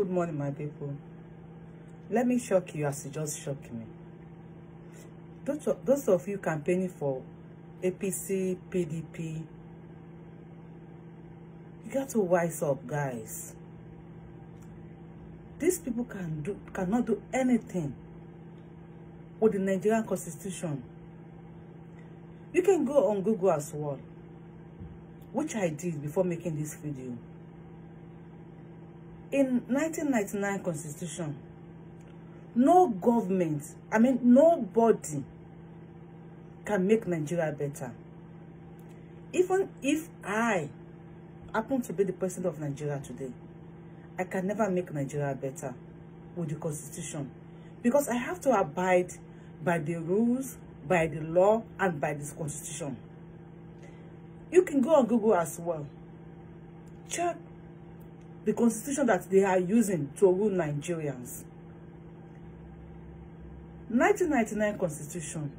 Good morning, my people. Let me shock you as you just shocked me. Those of, those of you campaigning for APC, PDP, you got to wise up, guys. These people can do cannot do anything with the Nigerian constitution. You can go on Google as well, which I did before making this video in 1999 constitution no government i mean nobody can make nigeria better even if i happen to be the president of nigeria today i can never make nigeria better with the constitution because i have to abide by the rules by the law and by this constitution you can go on google as well check the constitution that they are using to rule Nigerians. 1999 constitution,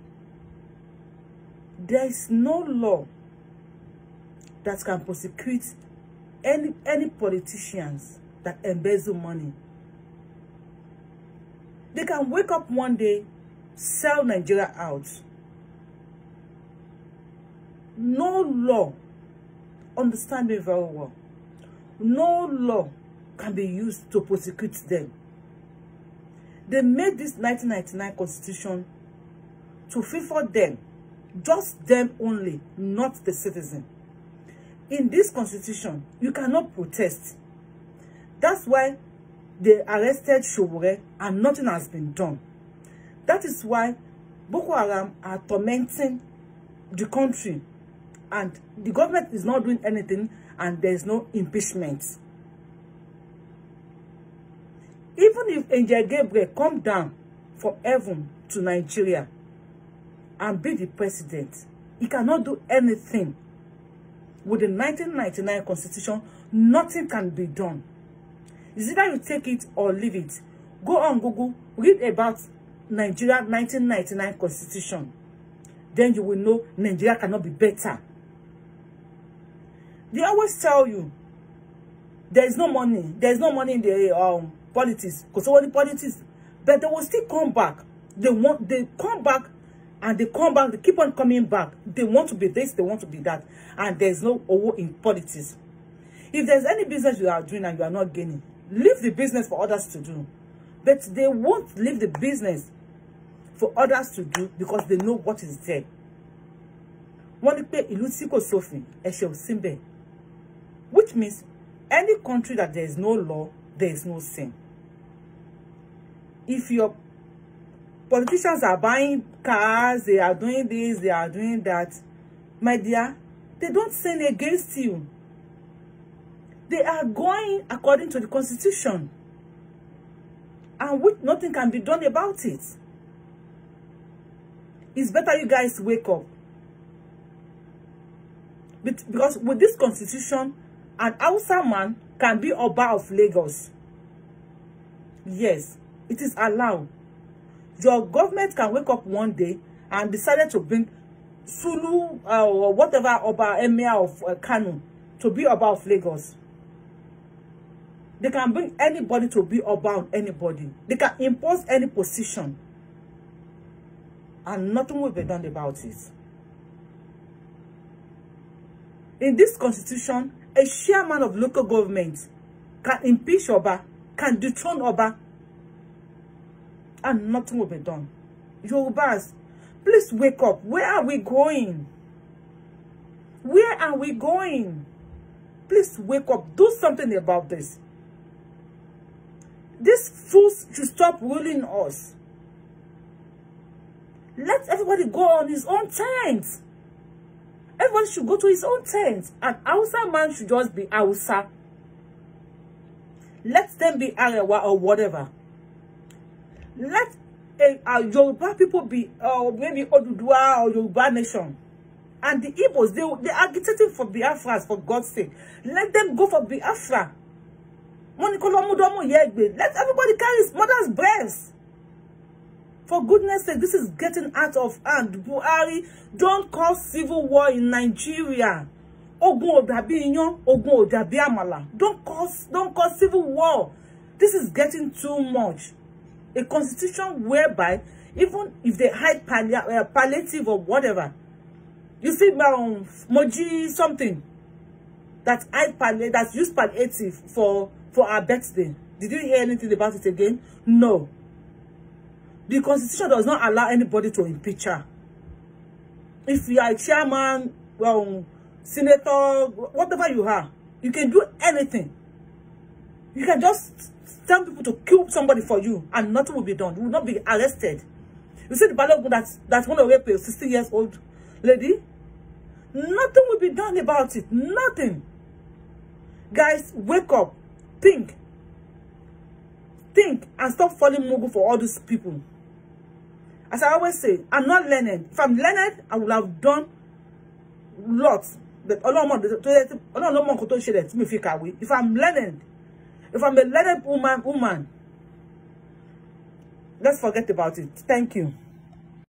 there is no law that can prosecute any, any politicians that embezzle money. They can wake up one day, sell Nigeria out. No law. Understand me very well no law can be used to prosecute them. They made this 1999 constitution to favor them, just them only, not the citizen. In this constitution, you cannot protest. That's why they arrested Showore and nothing has been done. That is why Boko Haram are tormenting the country and the government is not doing anything and there's no impeachment. Even if Angel Gabriel come down from heaven to Nigeria and be the president, he cannot do anything. With the 1999 constitution, nothing can be done. It's either you take it or leave it. Go on Google, read about Nigeria 1999 constitution. Then you will know Nigeria cannot be better. They always tell you, there is no money. There is no money in the um, politics. Because only politics. But they will still come back. They want, they come back and they come back, they keep on coming back. They want to be this, they want to be that. And there's no owo in politics. If there's any business you are doing and you are not gaining, leave the business for others to do. But they won't leave the business for others to do because they know what is there. Wọ́n ní pé ìlú tí kò sófin, which means any country that there is no law, there is no sin. If your politicians are buying cars, they are doing this, they are doing that, my dear, they don't sin against you. They are going according to the constitution. And which nothing can be done about it. It's better you guys wake up. But because with this constitution, an Hausa man can be Oba of Lagos. Yes, it is allowed. Your government can wake up one day and decided to bring Sulu uh, or whatever Oba Emir of uh, Kano to be Oba of Lagos. They can bring anybody to be Oba anybody. They can impose any position. And nothing will be done about it. In this constitution, a chairman of local government can impeach Oba, can dethrone Oba, and nothing will be done. Yorubas, please wake up. Where are we going? Where are we going? Please wake up. Do something about this. These fools should stop ruling us. Let everybody go on his own terms. Everyone should go to his own tent. An Hausa man should just be Hausa. Let them be Arewa or whatever. Let a, eh, a uh, Yoruba people be, or uh, maybe Odudua or Yoruba nation. And the Igbos, they, they are agitating for Biafra, for God's sake. Let them go for Biafra. Let everybody carry his mother's breasts. For goodness sake, this is getting out of hand. Buhari, don't cause civil war in Nigeria. Ogun ò dàbí iyán, ogun ò dàbí àmàlà. Don't cause, don't cause civil war. This is getting too much. A constitution whereby, even if they hide palli uh, palliative or whatever, you see, um, Moji something that hide palli that's used palliative for, for our birthday. Did you hear anything about it again? No. The constitution does not allow anybody to impeach her. If you are a chairman, well, senator, whatever you are, you can do anything. You can just tell people to kill somebody for you and nothing will be done. You will not be arrested. You see the Balogun that, that want to rape a 60 years old lady? Nothing will be done about it. Nothing. Guys, wake up. Think. Think and stop falling mugu for all these people. As I always say, I'm not learned. If I'm learned, I will have done lots. But more. me if I'm learned, if I'm a learned woman, woman, let's forget about it. Thank you.